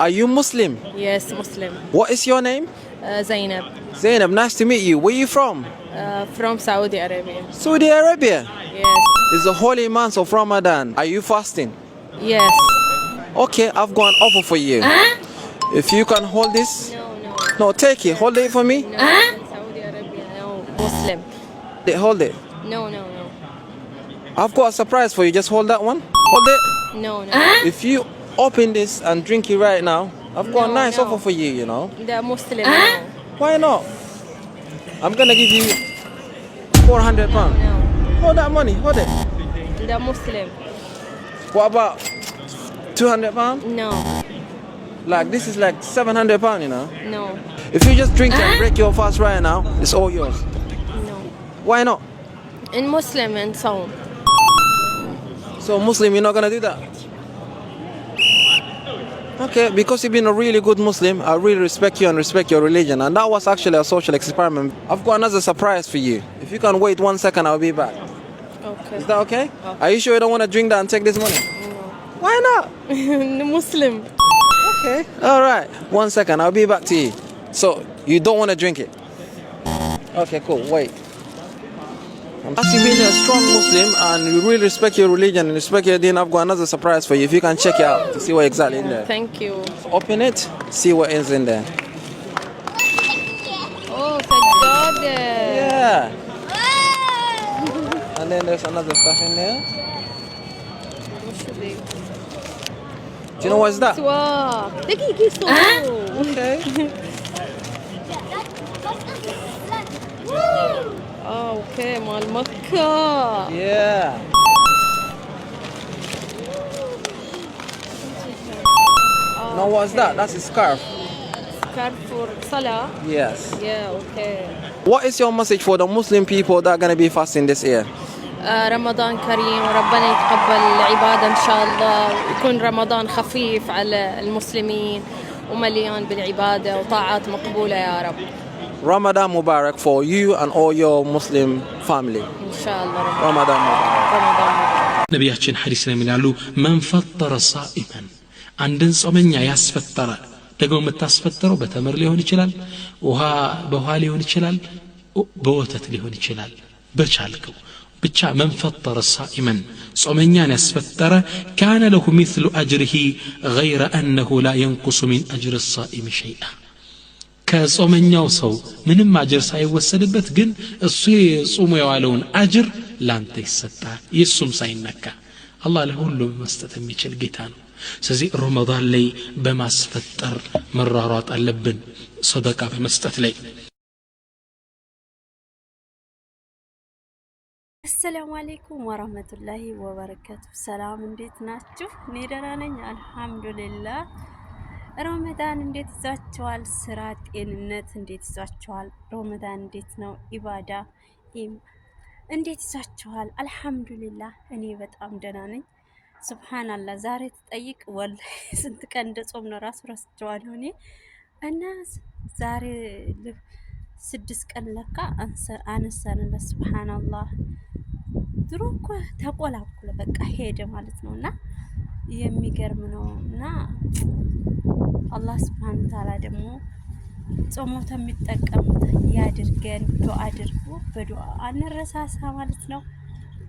Are you Muslim? Yes, Muslim. What is your name? Uh, Zainab. Zainab, nice to meet you. Where are you from? Uh, from Saudi Arabia. Saudi Arabia? Yes. It's the holy month of Ramadan. Are you fasting? Yes. Okay, I've got an offer for you. Huh? If you can hold this. No, no. No, take it. Hold it for me. No, huh? Saudi Arabia, no. Muslim. They hold it. No, no, no. I've got a surprise for you. Just hold that one. Hold it. No, no. Huh? If you up in this and drink it right now, I've got no, a nice no. offer for you, you know. They're Muslim. Huh? Why not? I'm gonna give you 400 pounds. No, no. Hold that money, hold it. They're Muslim. What about 200 pounds? No. Like, this is like 700 pounds, you know? No. If you just drink huh? and break your fast right now, it's all yours. No. Why not? In Muslim and so So Muslim, you're not gonna do that? Okay, because you've been a really good Muslim, I really respect you and respect your religion. And that was actually a social experiment. I've got another surprise for you. If you can wait one second, I'll be back. Okay. Is that okay? okay. Are you sure you don't want to drink that and take this money? No. Why not? Muslim. Okay. All right. One second, I'll be back to you. So, you don't want to drink it? Okay, cool. Wait. As you being a strong Muslim and you really respect your religion and respect your deen, I've got another surprise for you. If you can check it out to see what exactly in there. Thank you. Open it, see what is in there. Oh, thank God. Yeah. and then there's another stuff in there. Do you know what's that? okay. اه اوكي مال مكة يا Now what's that? That's a scarf. Scarf for salah? Yes. Yeah, okay. What is your message for the Muslim people that are going to be fasting this year? آه، رمضان كريم وربنا يتقبل العبادة إن شاء الله ويكون رمضان خفيف على المسلمين ومليان بالعبادة وطاعات مقبولة يا رب Ramadan Mubarak for you and all your Muslim family. Inshallah. Ramadan Mubarak. Ramadan Mubarak. ነቢያችን ሐዲስ ነው የሚላሉ መንፈጠረ ሳኢመን አንድን ጾመኛ ያስፈጠረ ደግሞ የምታስፈጠረው በተምር ሊሆን ይችላል ውሃ በውሃ ሊሆን ይችላል በወተት ሊሆን ይችላል በቻልከው ብቻ መን ፈጠረ ሳኢመን ጾመኛን ያስፈጠረ ካነ ለሁ ሚስሉ አጅርሂ ገይረ አነሁ ላ የንቁሱ ሚን አጅር ሳኢም ሸይአ ከጾመኛው ሰው ምንም አጅር ሳይወሰድበት ግን እሱ የጾሙ የዋለውን አጅር ላንተ ይሰጣል ይሱም ሳይነካ አላህ ለሁሉም መስጠት የሚችል ጌታ ነው ስለዚህ ረመዳን ላይ በማስፈጠር መሯሯጥ አለብን ሰደቃ በመስጠት ላይ አሰላሙ አሌይኩም ወራህመቱላሂ ወበረከቱ ሰላም እንዴት ናችሁ እኔ ደህና ነኝ አልሐምዱሊላህ ሮመዳን እንዴት ይዟቸዋል? ስራ፣ ጤንነት እንዴት ይዟቸዋል? ሮመዳን እንዴት ነው? ኢባዳ እንዴት ይዟቸዋል? አልሐምዱሊላህ እኔ በጣም ደህና ነኝ። ሱብሃናላህ ዛሬ ትጠይቅ ወላሂ ስንት ቀን እንደ ጾም ነው ራሱ ረስቸዋለሁ እኔ እና ዛሬ ስድስት ቀን ለካ አነሳንለት። ሱብሃናላህ ድሮ እኮ ተቆላቆለ በቃ ሄደ ማለት ነው እና የሚገርም ነው እና አላህ ስብሃነ ተዓላ ደግሞ ጾሞተ የሚጠቀሙት ያድርገን። ዱአ አድርጉ፣ በዱአ አንረሳሳ ማለት ነው።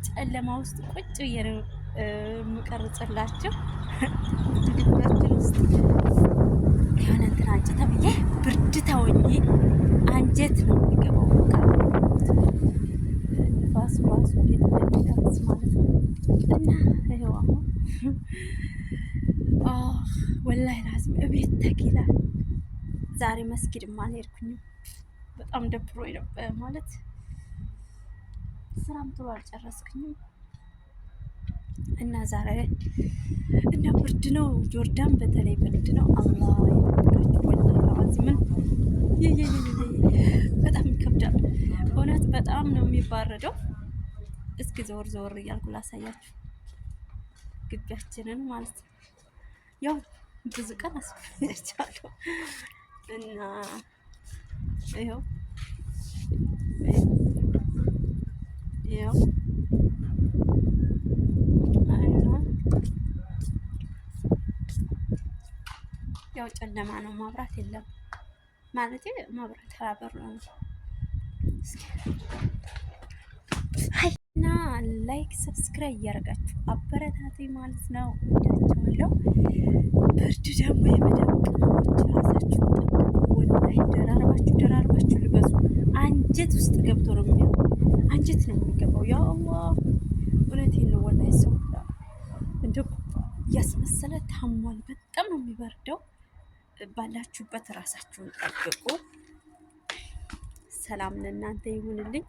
ጨለማ ውስጥ ቁጭ ብዬ የምቀርጽላችሁ ድብራችን ውስጥ የሆነ እንትን አንጭታ ብዬ ብርድ ተወኝ አንጀት ነው የሚገባው ባሱ ቤት ማለት ነው እና ይኸው አሁን ወላሂ ላዝም እቤት ተኪላል። ዛሬ መስጊድማ አልሄድኩኝም። በጣም ደብሮ ነበር ማለት ስራም ቶሎ አልጨረስኩኝም እና ዛሬ እና ብርድ ነው፣ ጆርዳን በተለይ ብርድ ነው። አላህ በጣም ይከብዳል። እውነት በጣም ነው የሚባረደው። እስኪ ዘወር ዘወር እያልኩ ላሳያችሁ ግቢያችንን ማለት ነው። ያው ብዙ ቀን አስፈለቻለሁ እና ይኸው ያው ያው ጨለማ ነው፣ መብራት የለም ማለት መብራት ነው። እና ላይክ ሰብስክራይብ እያደረጋችሁ አበረታቴ ማለት ነው። እንዳቸዋለው ብርድ ደግሞ የመዳብ ቅመሞች ራሳችሁ ወላይ ደራርባችሁ ደራርባችሁ ልበሱ። አንጀት ውስጥ ገብቶ ነው የሚያ አንጀት ነው የሚገባው። ያ አላህ እውነቴን ነው። ወላይ ሰው እንደ እያስመሰለ ታሟል። በጣም ነው የሚበርደው። ባላችሁበት ራሳችሁን ጠብቁ። ሰላም ለእናንተ ይሁንልኝ።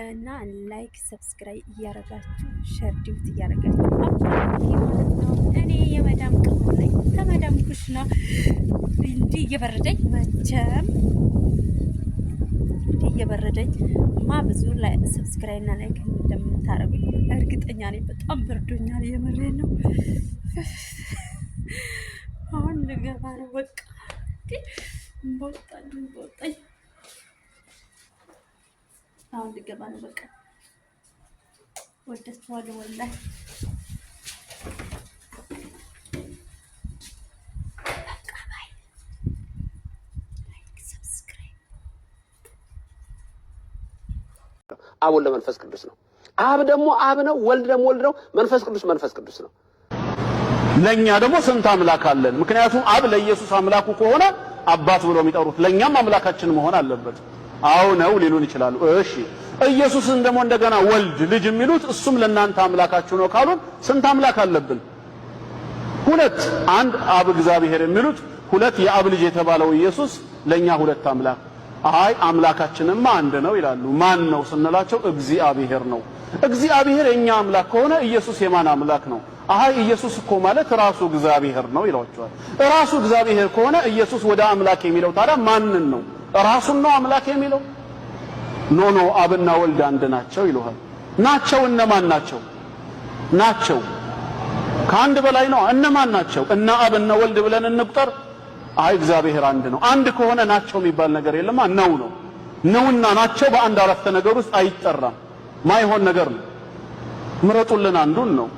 እና ላይክ ሰብስክራይብ እያረጋችሁ ሸር ዲዩት እያረጋችሁ እኔ የመዳም ቅሙ ነኝ። ኩሽ ነው እንዲህ እየበረደኝ መቼም እንዲህ እየበረደኝ ማ ብዙ ሰብስክራይብ እና ላይክ እንደምታረጉኝ እርግጠኛ ነኝ። በጣም በርዶኛል። የምሬ ነው። አሁን ልገባ ነው በቃ በወጣኝ በወጣኝ አሁን ልገባ ነው። በቃ ወደስተዋል ወላሂ አብ ወልደ መንፈስ ቅዱስ ነው። አብ ደግሞ አብ ነው። ወልድ ደግሞ ወልድ ነው። መንፈስ ቅዱስ መንፈስ ቅዱስ ነው። ለኛ ደግሞ ስንት አምላክ አለን? ምክንያቱም አብ ለኢየሱስ አምላኩ ከሆነ አባት ብሎ የሚጠሩት ለኛም አምላካችን መሆን አለበት። አው ነው ሊሉን ይችላሉ። እሺ ኢየሱስን ደግሞ እንደገና ወልድ ልጅ የሚሉት እሱም ለእናንተ አምላካችሁ ነው ካሉን ስንት አምላክ አለብን? ሁለት። አንድ አብ እግዚአብሔር የሚሉት ሁለት፣ የአብ ልጅ የተባለው ኢየሱስ ለኛ ሁለት አምላክ። አይ አምላካችንማ አንድ ነው ይላሉ። ማን ነው ስንላቸው እግዚአብሔር ነው። እግዚአብሔር የኛ አምላክ ከሆነ ኢየሱስ የማን አምላክ ነው? አይ ኢየሱስ እኮ ማለት ራሱ እግዚአብሔር ነው ይሏቸዋል። ራሱ እግዚአብሔር ከሆነ ኢየሱስ ወደ አምላክ የሚለው ታዲያ ማንን ነው? ራሱን ነው አምላክ የሚለው ኖ ኖ አብና ወልድ አንድ ናቸው ይለዋል። ናቸው እነማን ናቸው? ናቸው ከአንድ በላይ ነው። እነማን ናቸው? እና አብ ወልድ ብለን እንቁጠር። አይ እግዚአብሔር አንድ ነው። አንድ ከሆነ ናቸው የሚባል ነገር የለማ። ነው ነው ነውና ናቸው በአንድ አረፍተ ነገር ውስጥ አይጠራም። ማይሆን ነገር ነው። ምረጡልን አንዱን ነው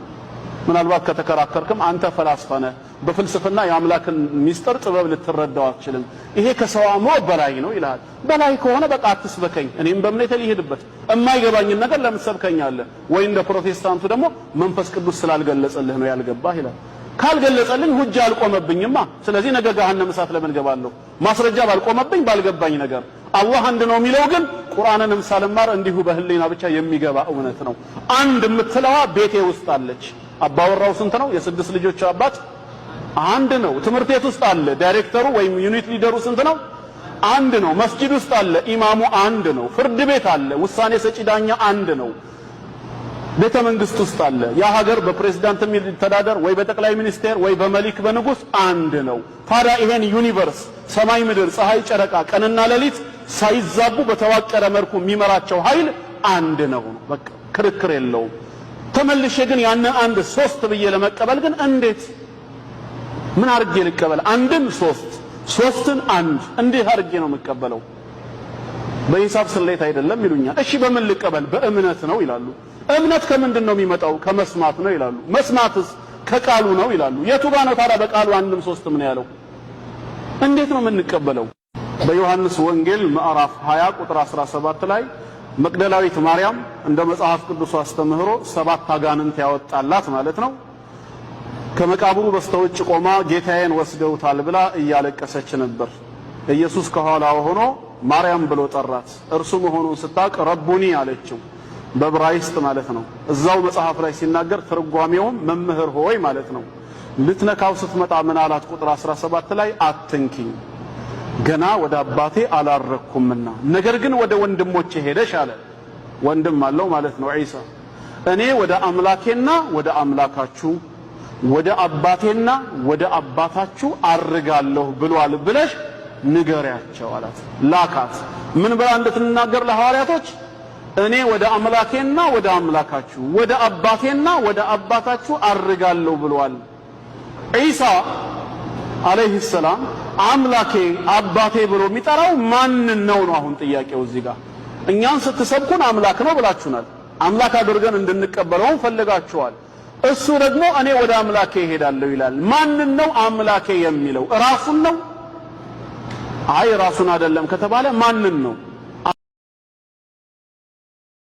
ምናልባት ከተከራከርክም አንተ ፈላስፋ ነህ፣ በፍልስፍና የአምላክን ሚስጥር ጥበብ ልትረዳው አትችልም፣ ይሄ ከሰው አእምሮ በላይ ነው ይልሃል። በላይ ከሆነ በቃ አትስበከኝ፣ እኔም በእምነቴ ልሂድበት። የማይገባኝን ነገር ለምን ትሰብከኛለህ? ወይ እንደ ፕሮቴስታንቱ ደግሞ መንፈስ ቅዱስ ስላልገለጸልህ ነው ያልገባህ ይላል። ካልገለጸልኝ ሁጃ አልቆመብኝማ። ስለዚህ ነገ ገሃነም እሳት ለምን ገባለሁ? ማስረጃ ባልቆመብኝ ባልገባኝ ነገር አላህ አንድ ነው የሚለው ግን ቁርአንንም ሳልማር እንዲሁ በህሊና ብቻ የሚገባ እውነት ነው። አንድ የምትለዋ ቤቴ ውስጥ አለች። አባወራው ስንት ነው? የስድስት ልጆች አባት አንድ ነው። ትምህርት ቤት ውስጥ አለ። ዳይሬክተሩ ወይም ዩኒት ሊደሩ ስንት ነው? አንድ ነው። መስጂድ ውስጥ አለ። ኢማሙ አንድ ነው። ፍርድ ቤት አለ። ውሳኔ ሰጪ ዳኛ አንድ ነው። ቤተ መንግስት ውስጥ አለ። ያ ሀገር በፕሬዝዳንት የሚተዳደር ወይ በጠቅላይ ሚኒስቴር ወይ በመሊክ በንጉስ አንድ ነው። ታዲያ ይሄን ዩኒቨርስ ሰማይ፣ ምድር፣ ፀሐይ፣ ጨረቃ ቀንና ሌሊት ሳይዛቡ በተዋቀረ መልኩ የሚመራቸው ኃይል አንድ ነው። በቃ ክርክር የለውም። ተመልሼ ግን ያን አንድ ሶስት ብዬ ለመቀበል ግን እንዴት ምን አድርጌ ልቀበል? አንድን ሶስት ሶስትን አንድ እንዴት አድርጌ ነው የምቀበለው። በሂሳብ ስሌት አይደለም ይሉኛል። እሺ በምን ልቀበል? በእምነት ነው ይላሉ። እምነት ከምንድን ነው የሚመጣው? ከመስማት ነው ይላሉ። መስማትስ ከቃሉ ነው ይላሉ። የቱባ ነው ታዲያ በቃሉ አንድም ሶስት ምን ያለው? እንዴት ነው የምንቀበለው? በዮሐንስ ወንጌል ምዕራፍ 20 ቁጥር 17 ላይ መቅደላዊት ማርያም እንደ መጽሐፍ ቅዱስ አስተምህሮ ሰባት አጋንንት ያወጣላት ማለት ነው። ከመቃብሩ በስተውጭ ቆማ ጌታዬን ወስደውታል ብላ እያለቀሰች ነበር። ኢየሱስ ከኋላ ሆኖ ማርያም ብሎ ጠራት። እርሱ መሆኑን ስታውቅ ረቡኒ አለችው፣ በብራይስጥ ማለት ነው። እዛው መጽሐፍ ላይ ሲናገር ትርጓሜውም መምህር ሆይ ማለት ነው። ልትነካው ስትመጣ ምን አላት? ቁጥር 17 ላይ አትንኪኝ ገና ወደ አባቴ አላረግኩምና ነገር ግን ወደ ወንድሞቼ ሄደሽ አለ። ወንድም አለው ማለት ነው ዒሳ። እኔ ወደ አምላኬና ወደ አምላካችሁ ወደ አባቴና ወደ አባታችሁ አርጋለሁ ብሏል ብለሽ ንገሪያቸው አላት። ላካት ምን ብላ እንድትናገር ለሐዋርያቶች እኔ ወደ አምላኬና ወደ አምላካችሁ ወደ አባቴና ወደ አባታችሁ አርጋለሁ ብሏል ዒሳ አለይሂ ሰላም አምላኬ አባቴ ብሎ የሚጠራው ማንን ነው ነው አሁን ጥያቄው እዚህ ጋር እኛን ስትሰብኩን አምላክ ነው ብላችሁናል አምላክ አድርገን እንድንቀበለው ፈልጋችኋል እሱ ደግሞ እኔ ወደ አምላኬ እሄዳለሁ ይላል ማንን ነው አምላኬ የሚለው ራሱን ነው አይ ራሱን አይደለም ከተባለ ማንን ነው